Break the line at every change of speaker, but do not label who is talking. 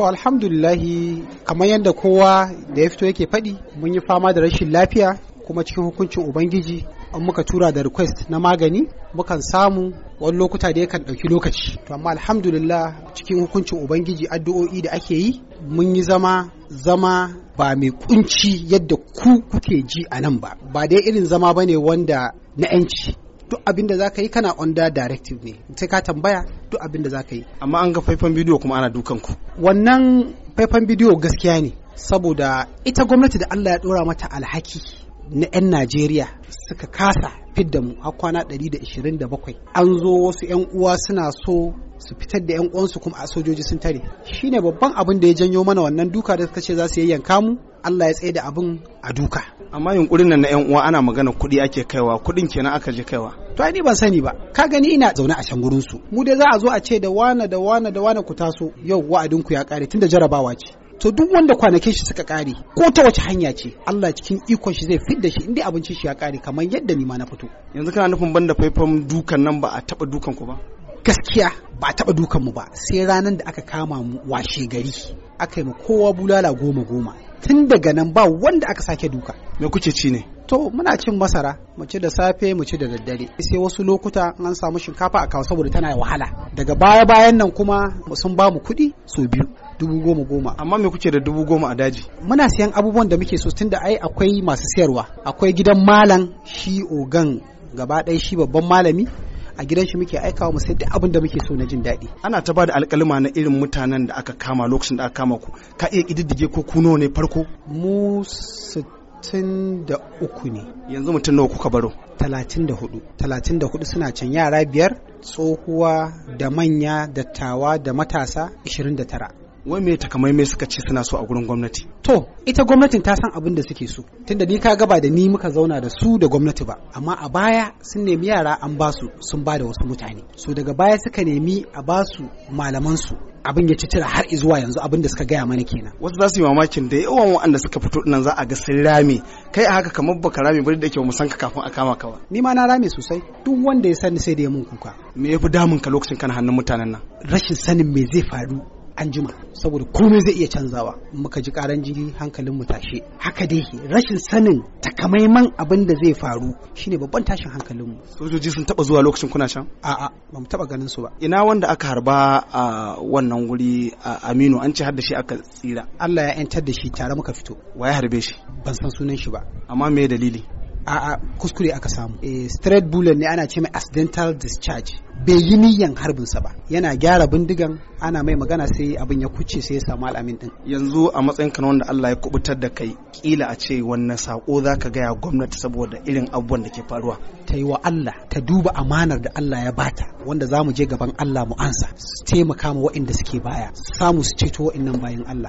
To alhamdulillahi kamar yadda kowa da ya fito yake faɗi mun yi fama da rashin lafiya kuma cikin hukuncin Ubangiji an muka tura da request na magani mukan samu wani lokuta da yakan ɗauki lokaci. To amma alhamdulillah cikin hukuncin Ubangiji addu'o'i da ake yi mun yi zama zama ba mai kunci yadda ku kuke ji a nan ba. Ba dai irin zama bane wanda na 'yanci duk abin da zaka yi kana under directive ne sai ka tambaya duk abin da zaka yi amma an ga faifan bidiyo kuma ana dukan ku wannan faifan bidiyo gaskiya ne saboda ita gwamnati da Allah ya dora mata alhaki na 'yan Najeriya suka kasa fidda mu har kwana 127 an zo wasu 'yan uwa suna so su fitar da 'yan uwansu kuma a sojoji sun tare shi ne babban abin da ya janyo mana wannan duka da suka ce za su yayyanka mu Allah ya tsaye da abin a duka amma yunkurin nan na 'yan uwa ana magana kuɗi ake kaiwa kuɗin kenan aka je kaiwa to ai ni ban sani ba ka gani ina zaune a can gurin su mu dai za a zo a ce da wane da wane da wane ku taso yau wa'adin ya kare tunda jarabawa ce to duk wanda kwanakin shi suka kare ko ta wace hanya ce Allah cikin ikon shi zai fidda shi inda abincin shi ya kare kamar yadda ni ma na fito yanzu kana nufin banda faifan dukan nan ba a taba dukan ku ba gaskiya ba taba dukan mu ba sai ranar da aka kama mu washe gari aka yi mu kowa bulala goma goma tun daga nan ba wanda aka sake duka me kuke ci ne to muna cin masara mu ci da safe mu ci da daddare sai wasu lokuta an samu shinkafa a kawo saboda tana wahala daga baya bayan nan kuma sun ba mu kuɗi so biyu dubu goma goma amma me kuke da dubu goma a daji muna siyan abubuwan da muke so tun da ai akwai masu siyarwa akwai gidan malam shi ogan gaba ɗaya shi babban malami a gidan shi muke aikawa mu sai da abin da muke so na jin daɗi. Ana ta ba da alƙalima na irin mutanen da aka kama lokacin da aka kama ku ka iya ƙididdige ko kuno ne farko? Mu sittin da uku ne. Yanzu mutum nawa kuka baro? Talatin da hudu. Talatin da hudu suna can yara biyar tsohuwa da manya dattawa da matasa ishirin da tara. wai me takamaimai suka ci suna so a gurin gwamnati to ita gwamnatin ta san abin da suke so tunda ni ka gaba da ni muka zauna da su da gwamnati ba amma a baya sun nemi yara an basu sun ba da wasu mutane so daga baya suka nemi a ba su malaman su abin ya cicira har zuwa yanzu abin da suka gaya mana kenan wasu za su yi mamakin da yawan waɗanda suka fito nan za a ga sun rame kai a haka kamar baka rame bari da ke mu kafin a kama ka ba ni ma na rame sosai duk wanda ya sani sai da ya mun kuka me yafi damun ka lokacin kana hannun mutanen nan rashin sanin me zai faru anjima saboda komai zai iya canzawa muka ji karan jini hankalin mu tashe haka dai rashin sanin takamaiman abin da zai faru shine babban tashin hankalin mu sojoji sun taba zuwa lokacin kuna can a'a ba mu taba ganin su ba ina wanda aka harba a wannan wuri a Aminu an ce har da shi aka tsira Allah ya yantar da shi tare muka fito waye harbe shi ban san sunan shi ba amma me dalili a'a kuskure aka samu eh, straight bullet ne ana ce mai accidental discharge bai yi niyyan sa ba yana gyara bindigan ana mai magana sai abin ya kuce sai ya samu al'amin din yanzu a matsayin ka wanda Allah ya kubutar da kai kila a ce wannan sako zaka gaya gwamnati saboda irin abubuwan da ke faruwa ta yi wa Allah ta duba amanar da Allah ya bata wanda zamu je gaban Allah mu ansa su taimaka ma waɗanda suke baya samu su ceto waɗannan bayan Allah